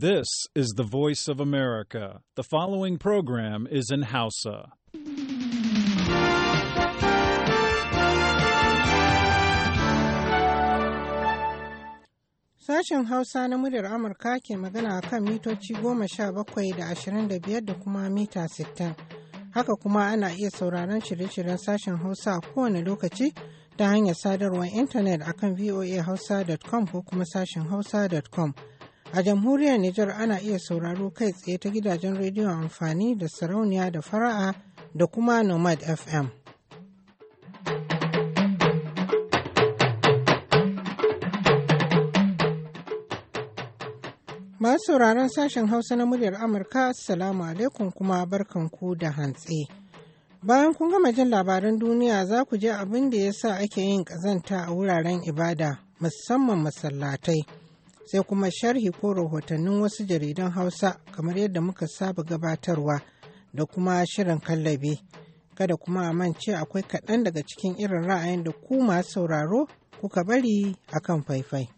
This is the voice of America. The following program is in Hausa. Sashen Hausa na muryar Amurka ke magana a kan mitoci goma sha bakwai da ashirin da biyar da kuma mita sittin. Haka kuma ana iya sauraron shirye-shiryen sashen Hausa a kowane lokaci ta hanyar sadarwar intanet akan voahausa.com ko kuma sashen hausa.com. A jamhuriyar Nijar ana iya sauraro kai tsaye ta gidajen rediyo amfani da sarauniya da fara'a da kuma Nomad FM. Masu sauraron sashen Hausa na muryar Amurka, Assalamu alaikum kuma barkanku da hantsi. Bayan kun gama jin labaran duniya za ku je abin da ya sa ake yin ƙazanta a wuraren ibada, musamman masallatai. sai kuma sharhi ko rahotannin wasu jaridan Hausa kamar yadda muka saba gabatarwa da kuma shirin kallabi. Kada kuma a mance akwai kaɗan daga cikin irin ra'ayin da ku masu sauraro kuka bari a kan faifai.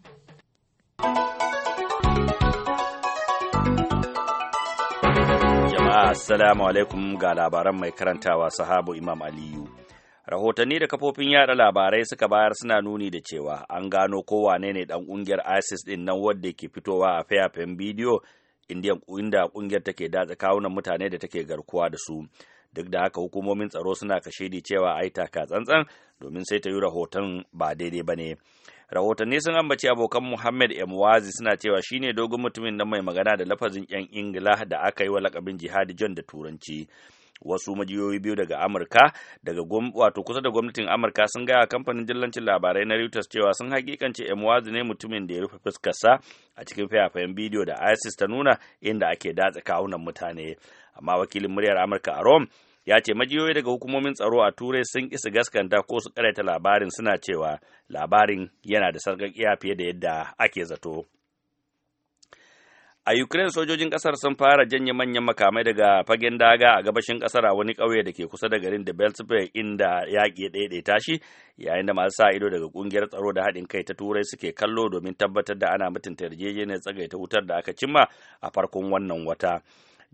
Jama'a Assalamu alaikum ga labaran mai karantawa sahabu Imam Aliyu. rahotanni da kafofin yada labarai suka bayar suna nuni da cewa an gano kowane ne dan kungiyar isis din nan wadda ke fitowa a fayafen bidiyo inda kungiyar take datsa kawunan mutane da take garkuwa da su duk da haka hukumomin tsaro suna kashe di cewa ai taka tsantsan domin sai ta yi rahoton ba daidai ba ne rahotanni sun ambaci abokan muhammad emwazi suna cewa shine dogon mutumin nan mai magana da lafazin yan ingila da aka yi wa lakabin jihadi john da turanci wasu majiyoyi biyu daga amurka daga wato kusa da gwamnatin amurka sun gaya kamfanin dillancin labarai na reuters cewa sun hakikance emwazi ne mutumin da ya rufe fuskarsa a cikin fayafayen bidiyo da isis ta nuna inda ake datsa kawunan mutane amma wakilin muryar amurka a rome ya ce majiyoyi daga hukumomin tsaro a turai sun isa gaskanta ko su karaita labarin suna cewa labarin yana da sarƙaƙiya fiye da yadda ake zato. A Ukraine sojojin ƙasar sun fara janye manyan makamai daga fagen daga a gabashin ƙasar a wani ƙauye da ke kusa da garin da in inda yaƙi ɗaiɗaita shi yayin da masu sa ido daga ƙungiyar tsaro da haɗin kai ta Turai suke kallo domin tabbatar da ana mutunta yarjejeniyar tsagaita wutar da aka cimma a farkon wannan wata.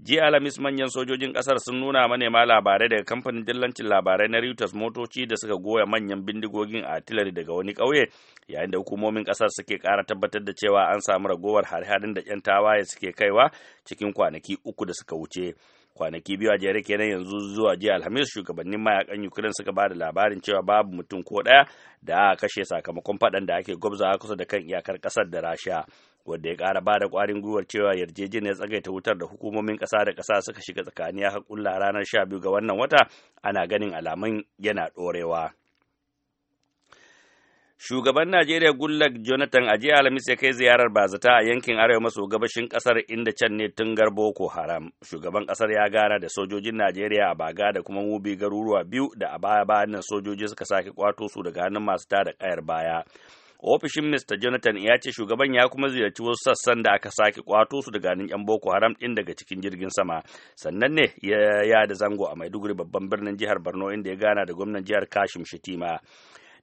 jiya alhamis manyan sojojin kasar sun nuna manema labarai daga kamfanin dillancin labarai na reuters motoci da suka goya manyan bindigogin artillery daga wani ƙauye yayin da hukumomin ƙasar suke kara tabbatar da cewa an samu ragowar hare-haren da 'yan tawaye suke kaiwa cikin kwanaki uku da suka wuce kwanaki biyu a jere kenan yanzu zuwa jiya alhamis shugabannin mayakan ukraine suka ba da labarin cewa babu mutum ko ɗaya da aka kashe sakamakon faɗan da ake gwabzawa kusa da kan iyakar kasar da rasha wanda ya kara bada kwarin gwiwar cewa yarjejeniyar tsagaita wutar da hukumomin ƙasa da kasa suka shiga tsakaniya ya ranar sha biyu ga wannan wata ana ganin alamun yana dorewa. shugaban Najeriya Goodluck Jonathan a jiya Alhamis ya kai ziyarar bazata a yankin arewa maso gabashin kasar inda can ne tungar Boko Haram. Shugaban kasar ya gana da sojojin Najeriya a Baga da kuma Mubi garuruwa biyu da a baya bayan nan sojoji suka sake kwato su daga hannun masu tada kayar baya. Ofishin Mr. Jonathan ya ce shugaban ya kuma ziyarci wasu sassan da aka sake kwato su daga hannun 'yan Boko Haram ɗin daga cikin jirgin sama. Sannan ne ya da zango a Maiduguri babban birnin jihar Borno inda ya gana da gwamnan jihar Kashim shitima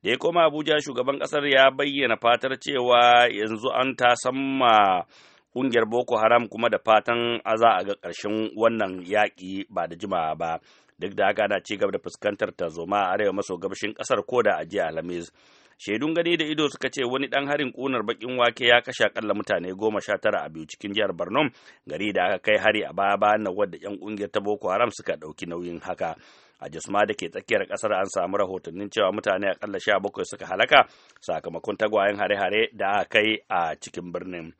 da ya koma abuja shugaban kasar ya bayyana fatar cewa yanzu an ta tasamma kungiyar boko haram kuma da fatan a za a ga ƙarshen wannan yaƙi ba da jimawa ba duk da haka ana ci gaba da fuskantar tarzoma a arewa maso gabashin ƙasar ko a ajiya alhamis shaidun gani da ido suka ce wani ɗan harin kunar bakin wake ya kashe akalla mutane goma sha tara a biyu cikin jihar Barnum, gari da aka kai hari a baya bayan nan wadda yan kungiyar ta Boko Haram suka ɗauki nauyin haka a jisma da ke tsakiyar kasar an samu rahotannin cewa mutane akalla sha bakwai suka halaka sakamakon tagwayen hare-hare da aka kai a cikin birnin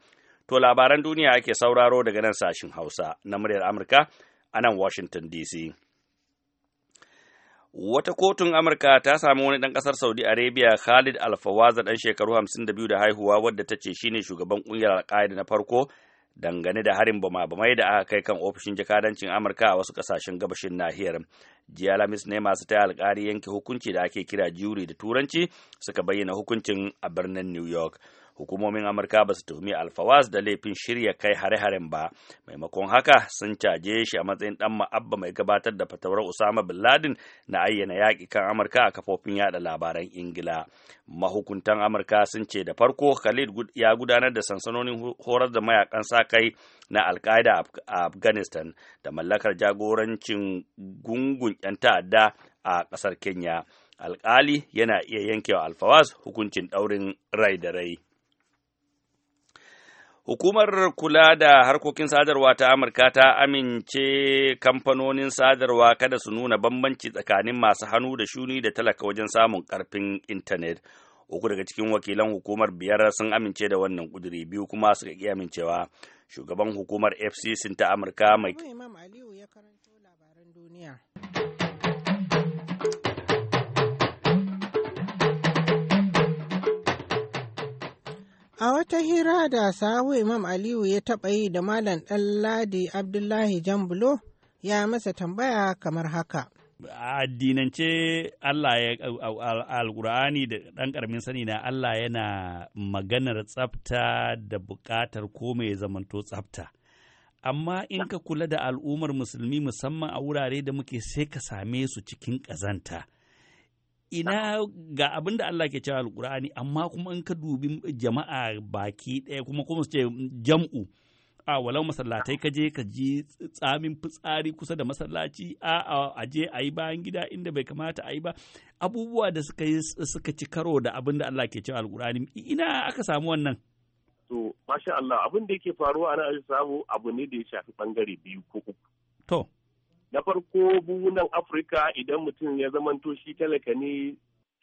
to labaran duniya ake sauraro daga nan sashin hausa na muryar amurka a nan washington dc wata kotun amurka ta sami wani ɗan ƙasar saudi arabia khalid alfawaza ɗan shekaru 52 da haihuwa wadda ta ce shine shugaban ƙungiyar al-Qa'ida na farko dangane da harin bama-bamai da aka kai kan ofishin jakadancin amurka a wasu ƙasashen gabashin nahiyar jiya alhamis ne masu taya alkari yanke hukunci da ake kira juri da turanci suka bayyana hukuncin a birnin new york hukumomin amurka ba su tuhumi alfawas da laifin shirya kai hare-haren ba maimakon haka sun caje shi a matsayin dan ma'abba mai gabatar da fatawar usama bin ladin na ayyana yaƙi kan amurka a kafofin yaɗa labaran ingila mahukuntan amurka sun ce da farko khalid ya gudanar da sansanonin horar da mayakan sa-kai na alkaida a afghanistan da mallakar jagorancin gungun 'yan ta'adda a ƙasar kenya alkali yana iya yankewa alfawas hukuncin ɗaurin rai da rai Hukumar kula da harkokin sadarwa ta Amurka ta amince kamfanonin sadarwa kada su nuna bambanci tsakanin masu hannu da shuni da talaka wajen samun karfin intanet. Uku daga cikin wakilan hukumar biyar sun amince da wannan kuduri biyu kuma suka ƙi amincewa. Shugaban hukumar FCC ta Amurka mai. ya karanto A wata hira da sahu Imam Aliyu ya taɓa yi da Malam Ɗanladi Abdullahi Jambulo ya masa tambaya kamar haka. A addinance Allah ya alkur'ani da ɗan ƙaramin sani na Allah yana maganar tsafta da buƙatar ko mai zamanto tsafta. amma in ka kula da al'ummar musulmi musamman a wurare da muke sai ka same su cikin ƙazanta ina ga abin da Allah ke cewa alkur'ani amma kuma in ka dubi jama'a baki ɗaya kuma kuma su ce jam'u a walau masallatai ka je ka ji tsamin fitsari kusa da masallaci a a je a yi bayan gida inda bai kamata a yi ba abubuwa da suka yi suka ci karo da abin da Allah ke cewa alkur'ani ina aka samu wannan to masha Allah abin da yake faruwa ana samu abu ne da ya shafi bangare biyu ko uku to na farko buhunan afirka idan mutum ya zamanto shi talaka ne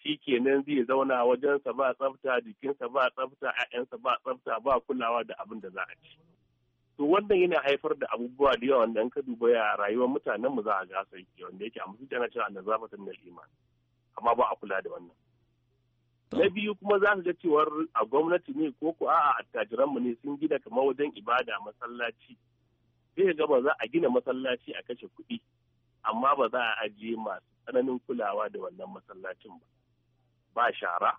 shi kenan zai zauna wajensa ba tsafta jikinsa ba tsafta 'ya'yansa ba tsafta ba kulawa da abin da za a ci to wannan yana haifar da abubuwa da yawa wanda an ka duba ya rayuwar mutanenmu za a gasa wanda yake a musu ana cewa annazafatan nal iman amma ba a kula da wannan na biyu kuma za su ga cewar a gwamnati ne ko ko a'a attajiranmu ne sun gida kamar wajen ibada masallaci zai ga ba za a gina masallaci a kashe kuɗi amma ba za a ajiye masu tsananin kulawa da wannan masallacin ba ba shara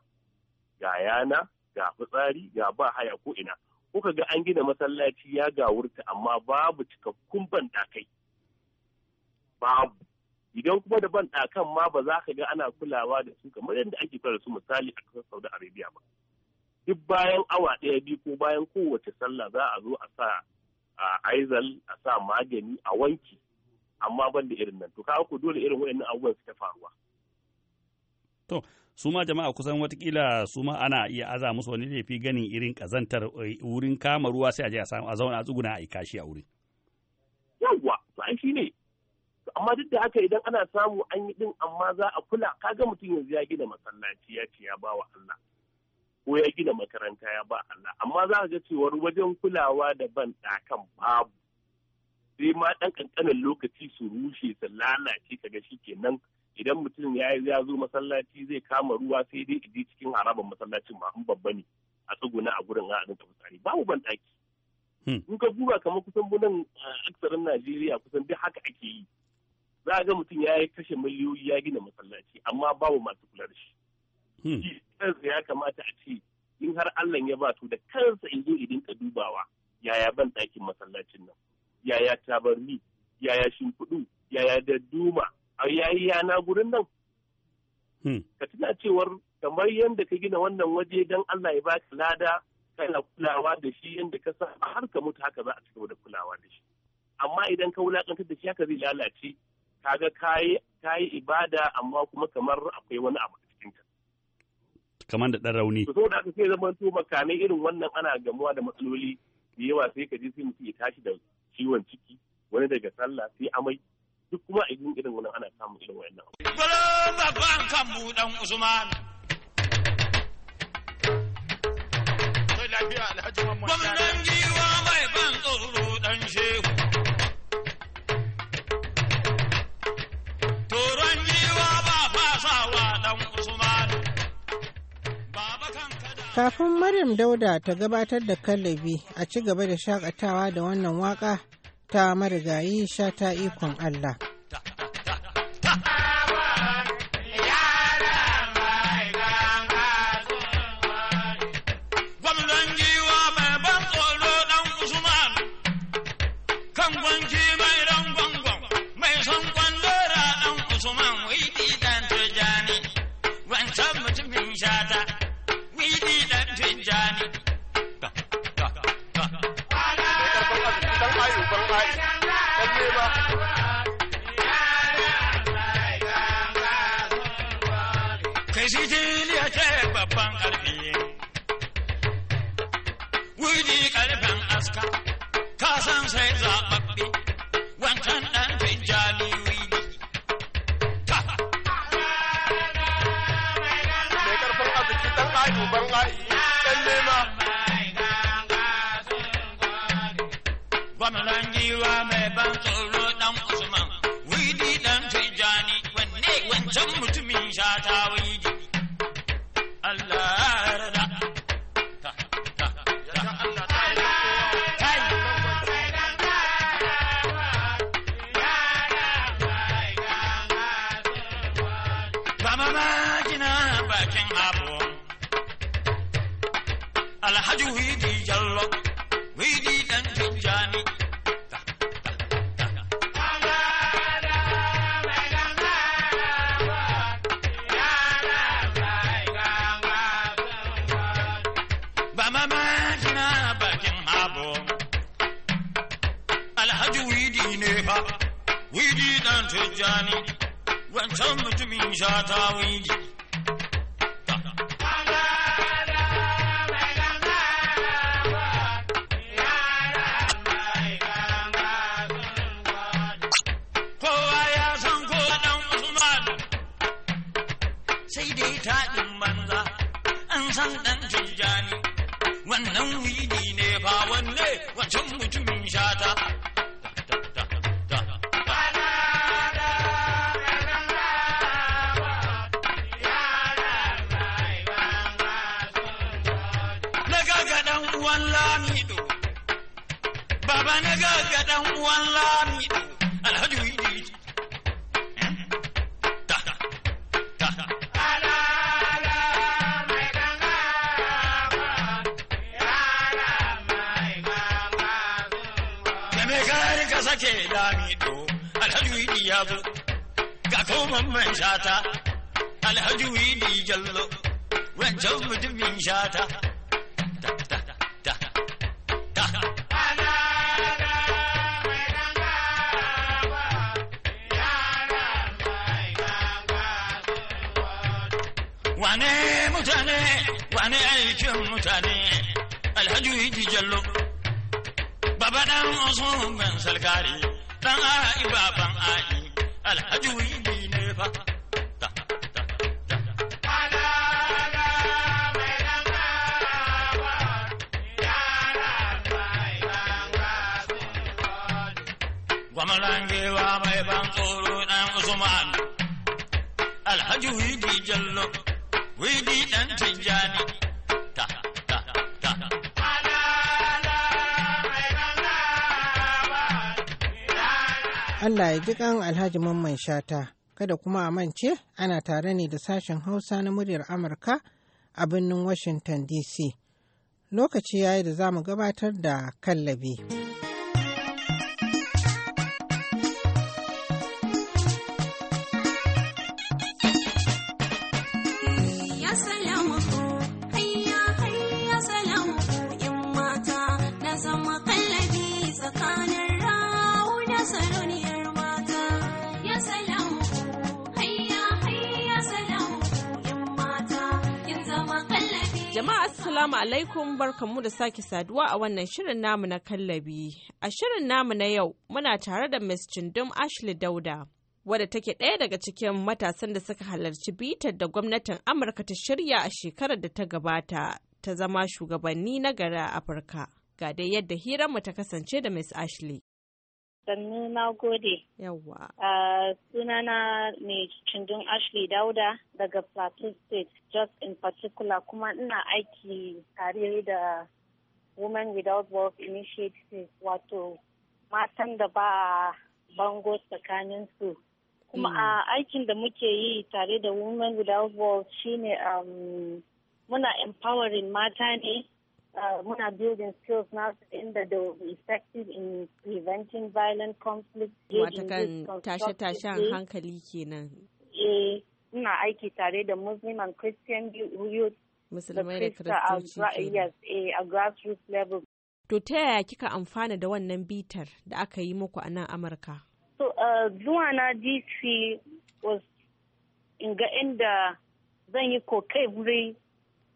ga yana ga fitsari ga ba haya ko ina kuka ga an gina masallaci ya ga wurta amma babu cikakkun banɗakai babu idan kuma da banɗakan ma ba za ka ga ana kulawa da su kamar yadda ake kula su misali a kasar saudi arabia ba duk bayan awa ɗaya biyu ko bayan kowace sallah za a zo a sa a aizal a sa magani a wanki amma ban da irin nan to kawo ku dole irin waɗannan abubuwan su ta faruwa to su ma jama'a kusan watakila su ma ana iya aza musu wani laifi ganin irin kazantar eh, wurin kama ruwa sai a je a zauna a tsuguna a yi kashi a wurin yawwa to ai shi ne amma duk da haka idan ana samu an yi din amma za a kula kaga mutum yanzu ya gina masallaci ya ce ya bawa Allah ko ya gina makaranta ya ba Allah amma za ga cewar wajen kulawa da ban babu sai ma ɗan ƙanƙanin lokaci su rushe su lalace kaga shi kenan idan mutum ya ya zo masallaci zai kama ruwa sai dai idi cikin harabar masallacin ma babba ne a tsuguna a gurin a ɗin tafasari babu ban ɗaki. Hmm. In ka guba kamar kusan bunan aksarin Najeriya kusan duk haka ake yi. Za a ga mutum ya yi kashe miliyoyi ya gina masallaci amma babu masu kula da shi. Hmm. kansa ya kamata a ce in har Allah ya ba to da kansa in zo idin ka dubawa yaya ban ɗakin masallacin nan yaya tabarni yaya shimfiɗu yaya da duma a yayi yana gurin nan hmm. ka tuna cewar kamar yadda ka gina wannan waje don Allah ya baka lada kana kulawa da shi yadda ka sa har ka mutu haka za a cigaba da kulawa da shi amma idan ka wulakantar da shi haka zai lalace kaga kayi kayi ibada amma kuma kamar akwai wani abu Kamar da ɗan rauni. So da sai zaman to makamai irin wannan ana gamuwa da matsaloli da yawa sai ka je sai mutum ya tashi da ciwon ciki wani daga sallah sai amai duk kuma a irin irin wannan ana samun irin wannan. Gwalo babban kan buɗan Usman. Gwamnan jiwa mai ban tsoro ɗan shi. Kafin Maryam Dauda ta gabatar da kallabi a ci gaba da shakatawa da wannan waka ta marigayi sha ta ikon Allah. Sancheza ba ma na bakin abu alhaji widi ne fa widi dan tijjani wancan mutumin shata widi sai dai taɗin banza an san ɗan tijjani one alone. ka ce lami do alhaji ya zo ga koman man shata alhaji widi jallo wancan mutumin shata wane mutane wane aikin mutane alhaji widi jallo Baba ɗan Usman ban salkari, ɗan a'i baban a'i, alhaji wili ne fa. Gwamalangewa mai ban tsoro ɗan Usman, alhaji wili jallo, wili ɗan tijjani. Allah ya ji kan Alhaji Mamman Shata. Kada kuma a mance ana tare ne da sashen Hausa na muryar Amurka a birnin Washington DC. Lokaci ya yi da zamu gabatar da kallabi. Jama'a Assalamu alaikum barkanmu da sake saduwa a wannan shirin namu na kallabi. A shirin namu na yau muna tare da Ms. Cindum Ashley Dauda. wadda take ɗaya daga cikin matasan da suka halarci bitar da gwamnatin Amurka ta shirya a shekarar da ta gabata ta zama shugabanni na gari a Afirka. Ga dai yadda hiranmu ta kasance da Ms. Ashley. sannu na gode. Yawwa. suna na ne cindin Ashley Dauda daga Plateau State, just in particular kuma ina aiki tare da Women Without Work Initiative wato matan da ba bango tsakanin su Kuma hmm. a aikin da muke yi tare da Women Without Work shine um, muna empowering mata ne muna uh, building skills nasu inda do effective in preventing violent conflict. Watakan tashe-tashen hankali kenan. Eh, ina aiki tare da Muslim and Christian youth. Musulmai da Kiristoci Yes, eh, a grassroots level. To ta yaya kika amfana da wannan bitar da aka yi muku a nan Amurka? So, uh, zuwa na DC was in ga inda zan yi co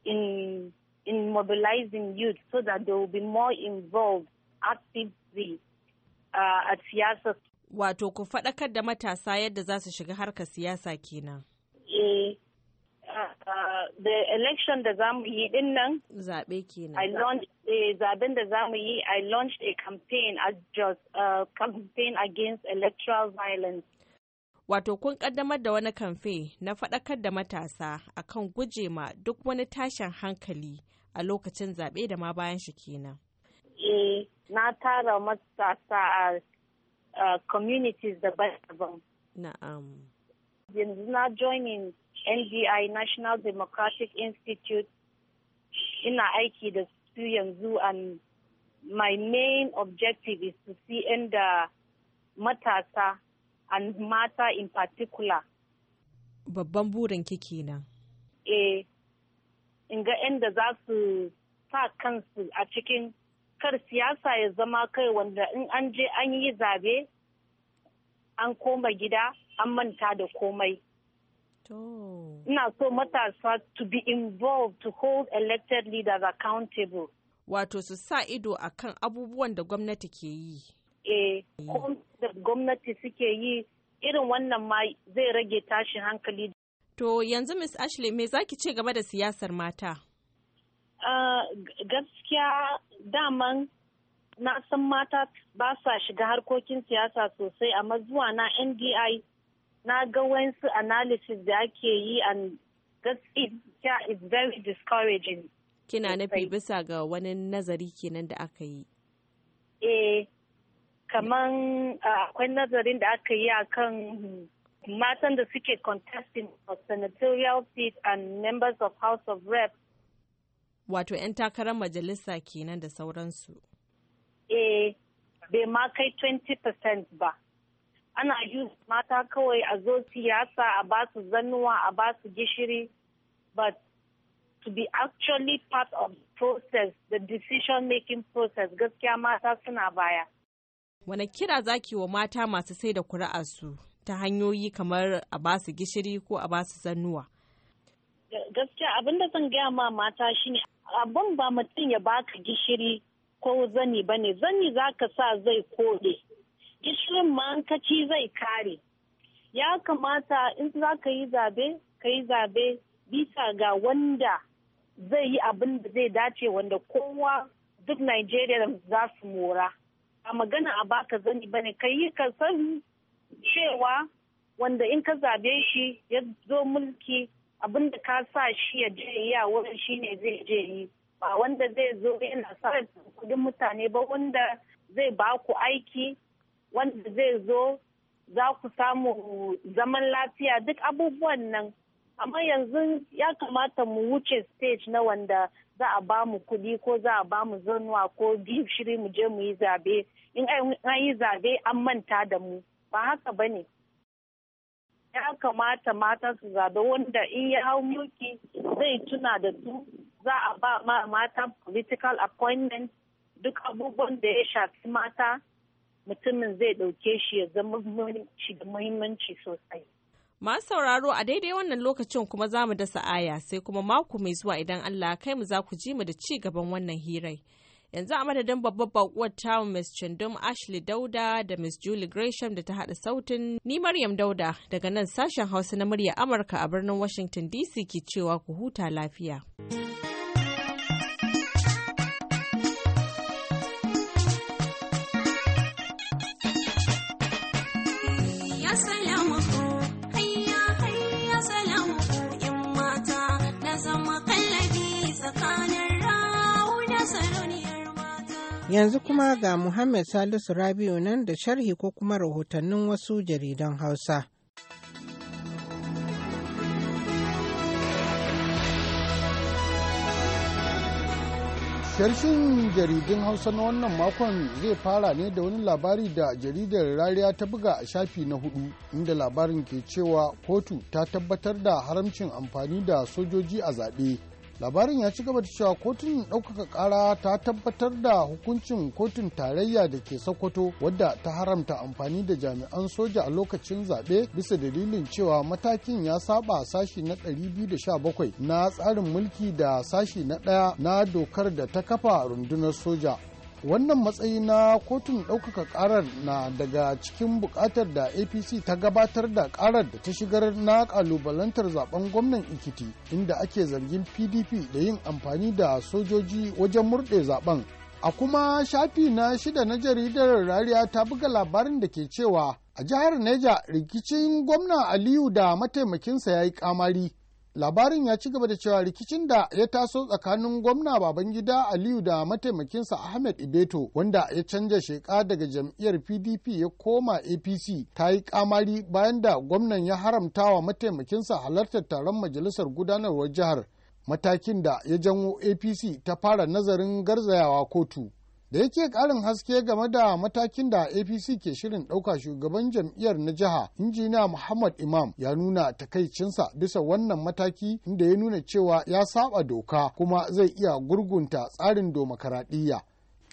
in in mobilizing youth so that they will be more involved actively uh, a siyasa. Wato ku faɗakar da matasa yadda za su shiga harkar siyasa kenan. E, uh, uh, the election da za mu yi din nan. Zaɓe kenan. E, zaben da za mu yi I launched a campaign as just a uh, campaign against electoral violence. Wato kun ƙaddamar da wani kamfe na faɗakar da matasa akan gujema duk wani tashin hankali a lokacin zaɓe da ma bayan shi kenan. Eh, na tara matasa a communities daban-daban. Na'am. Yanzu na joining NDI National Democratic Institute ina aiki da su yanzu an my main objective is to see inda matasa and mata in particular. Babban burin kike kenan. Eh, in ga da za su sa kansu a cikin kar siyasa ya zama kai wanda in an je an yi zabe an koma gida an manta da komai. Ina so matasa to be involved to hold elected leaders accountable. Wato su sa ido a kan abubuwan da gwamnati ke yi. Eh, da gwamnati suke yi irin wannan ma zai rage tashin hankali To yanzu Miss Ashley me zaki ce game da siyasar mata? Uh, gaskiya daman na san mata ba sa shiga harkokin siyasa sosai amma zuwa na NDI na ga wayansu analysis da ake yi and gaskiya is very discouraging. Kina nufi bisa ga wani nazari kenan da aka yi? Eh, kaman akwai nazarin da aka yi akan matan da suke contesting for senatorial seat and members of House of Rep. Wato 'yan takarar majalisa kenan da sauransu. Eh, bai ma kai 20% ba. Ana use mata kawai a zo siyasa a ba su zannuwa a ba su gishiri, but to be actually part of the process, the decision-making process, gaskiya mata suna baya. Wane kira zaki wa mata masu sai da kuri'a su? ta hanyoyi kamar a ba su gishiri ko a ba su zannuwa? Gaskiya abin da zan gaya ma mata shine abin ba mutum ya baka gishiri ko zani ba ne zani za ka sa zai kode gishirin ma ci zai kare ya kamata in za ka yi zabe ka yi zabe bisa ga wanda zai yi abin da zai dace wanda kowa duk Najeriya za su mora. A magana a baka zani ba ne, ka yi ka san cewa wanda in ka zabe shi ya zo mulki abin da ka sa shi ya je ya wurin shi ne zai je yi ba wanda zai zo yana sa kudin mutane ba wanda zai ba ku aiki wanda zai zo za ku samu zaman lafiya duk abubuwan nan amma yanzu ya kamata mu wuce stage na wanda za a ba mu kuɗi ko za a ba mu zanwa ko biyu shiri mu je mu yi zabe in an yi zabe an manta da mu ba haka ba ne ya kamata mata su zaɓi wanda in ya hau mulki zai tuna da su za a ba ma mata political appointment duk abubuwan da ya shafi mata mutumin zai ɗauke shi ya zama da muhimmanci sosai. Masu sauraro a daidai wannan lokacin kuma za mu dasa aya sai kuma mako mai zuwa idan Allah kai mu za ku ji mu da ci gaban wannan hirai. yanzu a madadin babbar bakuwar ta Miss Chindum Ashley Dauda da Miss Julie Gresham da ta haɗa sautin ni Maryam Dauda daga nan sashen Hausa na murya Amurka a birnin Washington DC ke cewa ku huta lafiya. Yanzu kuma ga Muhammad Salisu Rabi'u nan da sharhi ko kuma rahotannin wasu jaridan Hausa. Sharshin jaridun Hausa na wannan makon zai fara ne da wani labari da jaridar rariya ta buga a shafi na hudu inda labarin ke cewa kotu ta tabbatar da haramcin amfani da sojoji a zaɓe labarin ya ci gaba da cewa kotun ɗaukaka ƙara ta tabbatar da hukuncin kotun tarayya da ke sokoto wadda ta haramta amfani da jami'an soja a lokacin zaɓe bisa dalilin cewa matakin ya saba sashi na 217 na tsarin mulki da sashi na ɗaya na dokar da ta kafa rundunar soja wannan matsayi na kotun ɗaukaka ƙarar na daga cikin buƙatar da apc ta gabatar da ƙarar da ta shigar na ƙalubalantar zaben gwamnan ikiti inda ake zargin pdp da yin amfani da sojoji wajen murɗe zaben a kuma shafi na shida na jaridar rariya ta buga labarin da ke cewa a jihar neja rikicin gwamna aliyu da mataimakinsa ya yi kamari labarin ya ci gaba da cewa rikicin da ya taso tsakanin gwamna babangida aliyu da mataimakinsa ahmed ibeto wanda ya canja sheka daga jam'iyyar pdp ya koma apc ta yi kamari bayan da gwamnan ya haramta wa mataimakinsa halartar taron majalisar gudanarwar jihar matakin da ya janwo apc ta fara nazarin garzayawa kotu da yake karin haske game da matakin da apc ke shirin ɗauka shugaban jam'iyyar na jiha injiniya muhammad imam ya nuna takaicinsa bisa wannan mataki inda ya nuna cewa ya saba doka kuma zai iya gurgunta tsarin domokaraɗiyya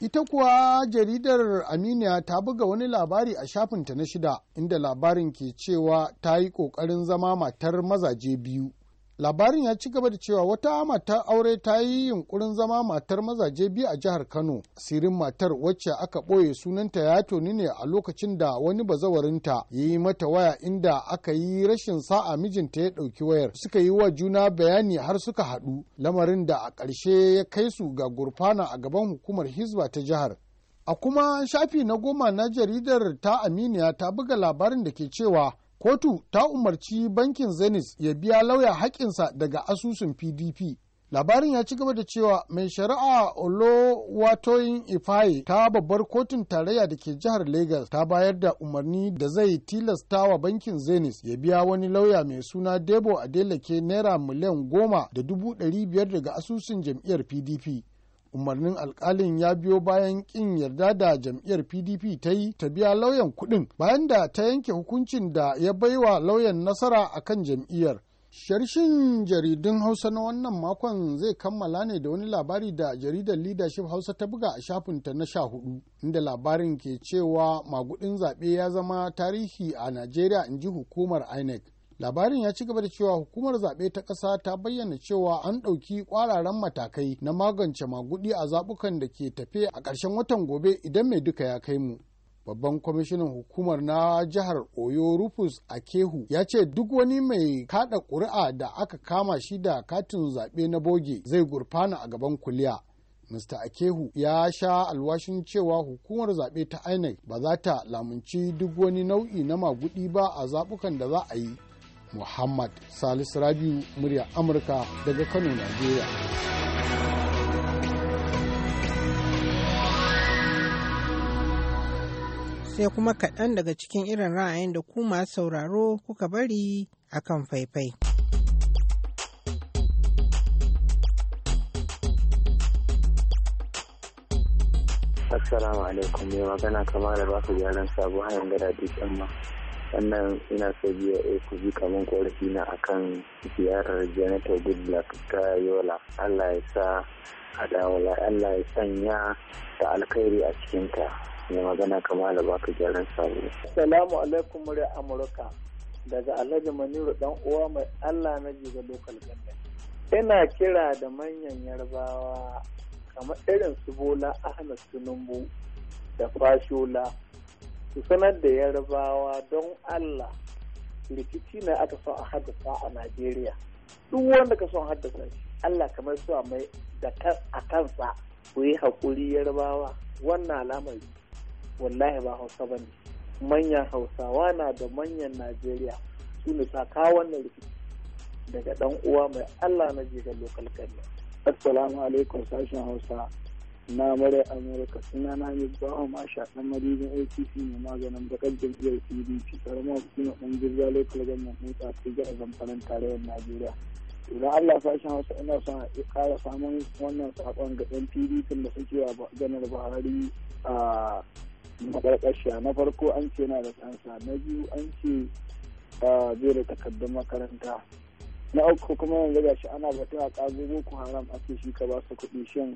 ita kuwa jaridar aminiya ta buga wani labari a shafinta na shida inda labarin ke cewa ta yi ƙoƙarin zama matar mazaje biyu labarin ya ci gaba da cewa wata matar aure ta yi yunkurin zama matar mazaje biyu a jihar kano sirin matar wacce aka ɓoye sunanta ya toni ne a lokacin da wani bazawarinta ya yi mata waya inda aka yi rashin sa'a mijinta ya ɗauki wayar suka yi wa juna bayani har suka haɗu lamarin da a ƙarshe ya kai su ga gurfana a gaban hukumar hizba ta jihar a kuma shafi na goma na jaridar ta aminiya ta buga labarin da ke cewa kotu ta umarci bankin zenith ya biya lauya haƙƙinsa daga asusun pdp labarin ya ci gaba da cewa mai shari'a olowatoyin ifaye ta babbar kotun tarayya da ke jihar lagos ta bayar da umarni da zai tilasta wa bankin zenith ya biya wani lauya mai suna debo delake naira miliyan goma da dubu ɗari biyar daga asusun jam'iyyar pdp umarnin alkalin ya biyo bayan kin yarda da jam'iyyar pdp ta yi ta biya lauyan kuɗin bayan da ta yanke hukuncin da ya baiwa lauyan nasara a kan jam'iyyar Sharshin jaridun Hausa na wannan makon zai kammala ne da wani labari da jaridar Leadership Hausa ta buga a shafinta na sha hudu, inda labarin ke cewa magudin zaɓe ya zama tarihi a Najeriya in ji hukumar INEC. labarin ya ci gaba da cewa hukumar zaɓe ta ƙasa ta bayyana cewa an ɗauki ƙwararan matakai na magance magudi a zaɓukan da ke tafe a ƙarshen watan gobe idan mai duka ya kai mu babban kwamishinan hukumar na jihar oyo rufus akehu ya ce duk wani mai kaɗa ƙuri'a da aka kama shi da katin zaɓe na boge zai gurfana a gaban kuliya Mr. Akehu ya sha alwashin cewa hukumar zaɓe ta INEC ba za ta lamunci duk wani nau'i na magudi ba a zaɓukan da za a yi Muhammad Salisu Rabiu murya Amurka daga Kano, Najeriya. Sai kuma kaɗan daga cikin irin ra'ayin da ku masu sauraro kuka bari a kan faifai. Assalamu alaikum mai magana kamar da ba ku gyaran sabuwa yanga da dutsen ma. sannan ina so biya a ku ji kamar ƙorafi na akan ziyarar janitor goodluck ta yola allah ya sa adawala allah ya sanya da alkhairi a cikinta ne magana kama da baka gyaran sabo. salamu alaikum murya amurka daga alhaji maniru dan uwa mai allah na jiga lokal gandan ina kira da manyan yarbawa kamar irin su bola ahmed tinubu da fashola su sanar da yarbawa don allah rikici ne aka son a haddasa a najeriya duk wanda ka son haddasa shi allah kamar su mai da a kansa ku yi haƙuri yarbawa wannan alamar wallahi ba hausa ba ne manyan hausawa na da manyan najeriya su ne sa kawo wannan rikici daga dan uwa mai allah na jigar lokal kanya assalamu alaikum sashen hausa na mara amurka suna na ne ba a masha dan madidin atc ne maganin bakar jam'iyyar pdp karamar hukumar ɗan jirga lokal gwamnan motsa ta jihar zamfanin tarayyar najeriya idan allah sashen hausa ina son a kara samun wannan sakon ga yan pdp da suke wa janar buhari a makarƙashiya na farko an ce na da kansa na biyu an ce zai da takardun makaranta na uku kuma yanzu gashi ana batun a ƙago boko haram ake shi ka ba su kuɗi shin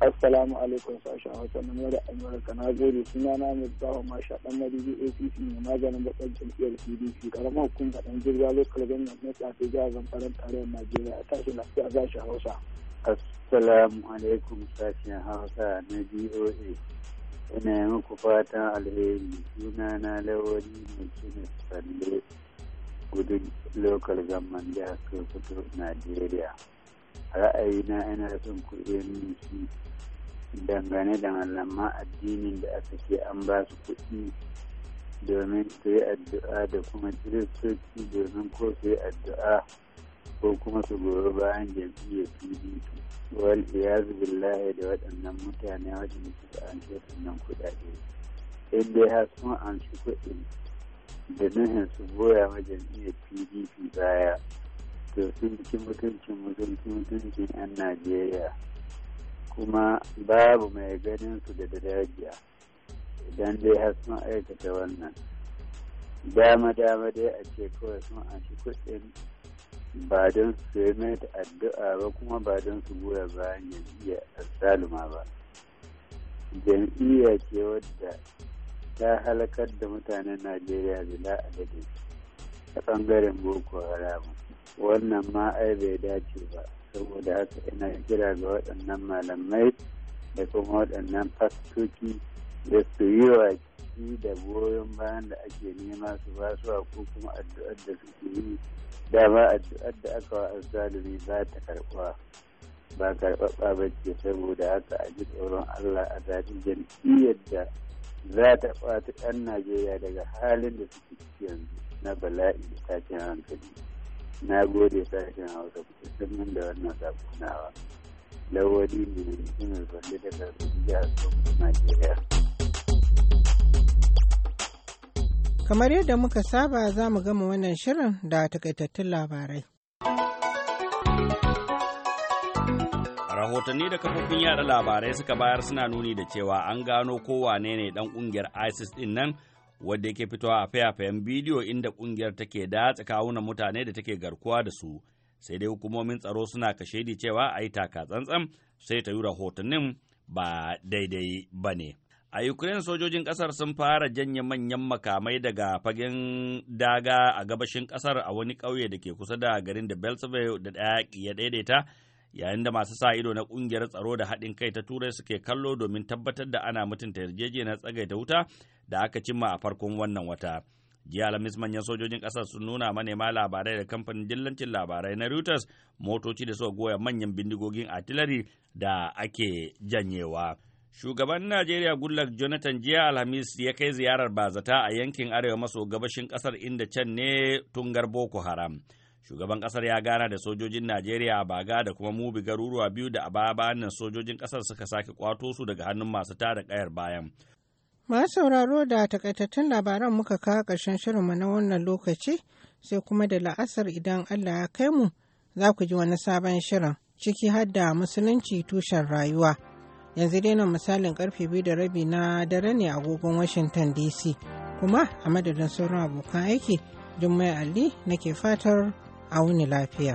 assalamu alaikum sashen hausa na mura amurka na gode suna na mai bawa masha dan madidi acc mai maganin bakan jam'iyyar pdp karamar hukumar dan jirga lokal gannan na tsafi jihar tare tarayyar najeriya a tashi lafiya sashen hausa assalamu alaikum sashen hausa na doa ina yi muku fatan alheri suna na lawali mai kina sande gudun lokal gannan jihar sokoto najeriya ra'ayina yana son ku min shi dangane da malaman addinin da aka ce an ba su kuɗi domin su yi addu'a da kuma kiristoci domin ko su yi addu'a ko kuma su goro bayan jam'iyyar pdp wal iyazu billahi da waɗannan mutane waɗanda suka an nan kuɗaɗe in dai har sun an shi kuɗi da nuhin su goya ma jam'iyyar pdp baya to cikin mutuncin mutuncin mutuncin 'yan najeriya kuma babu mai ganin su da daraja idan dai har sun aikata wannan dama dama dai a ce kawai sun an shi kuɗin ba don su yi mai addu'a ba kuma ba don su goya bayan iya saluma ba jam'iyya ce wadda ta halakar da mutanen najeriya bila adadin a ɓangaren boko haramun wannan ma ai bai dace ba saboda haka ina kira ga waɗannan malamai da kuma waɗannan fastoci da su yi wa da goyon bayan da ake nema su ba su ko kuma addu'ar da suke yi dama addu'ar da aka wa azzalumi ba ta karɓa ba karɓaɓɓa ba ce saboda haka a ji tsoron allah a zaɓi jam'iyyar da za ta ɓata ɗan najeriya daga halin da suke ciki yanzu na bala'i da tashin hankali na gode sashen hausa kusa sun da wannan sabunawa lawali ne da mutumin kwanci da karfin jihar sokoto najeriya kamar yadda muka saba za mu gama wannan shirin da takaitattun labarai rahotanni da kafofin yada labarai suka bayar suna nuni da cewa an gano kowane ne dan kungiyar isis din nan wadda yake fitowa a fayafayen bidiyo inda kungiyar take datsa kawunan mutane da take garkuwa da su sai dai hukumomin tsaro suna kashe di cewa a yi taka tsantsan sai ta yi rahotannin ba daidai ba ne. A Ukraine sojojin kasar sun fara janye manyan makamai daga fagen daga a gabashin kasar a wani ƙauye da ke kusa da garin da Belzebub da ya daidaita yayin da masu sa ido na ƙungiyar tsaro da haɗin kai ta Turai suke kallo domin tabbatar da ana mutunta yarjejeniyar tsagaita wuta da aka cimma a farkon wannan wata. jiya alhamis manyan sojojin ƙasar sun nuna manema labarai da kamfanin dillancin labarai na reuters motoci da suka goya manyan bindigogin artillery da ake janyewa shugaban najeriya goodluck jonathan jiya alhamis ya kai ziyarar bazata a yankin arewa maso gabashin ƙasar inda can ne tungar boko haram shugaban ƙasar ya gana da sojojin najeriya a baga da kuma mubi garuruwa biyu da a baya sojojin ƙasar suka sake kwato su daga hannun masu tada kayar bayan Ma sauraro da takaitattun labaran muka kawo ƙarshen shirinmu na wannan lokaci sai kuma da la'asar idan Allah ya kai mu za ku ji wani sabon shirin ciki har da musulunci tushen rayuwa. Yanzu dai nan misalin karfe biyu da rabi na dare ne a agogon Washington DC kuma a madadin sauran abokan aiki Jummai Ali nake fatar a wuni lafiya.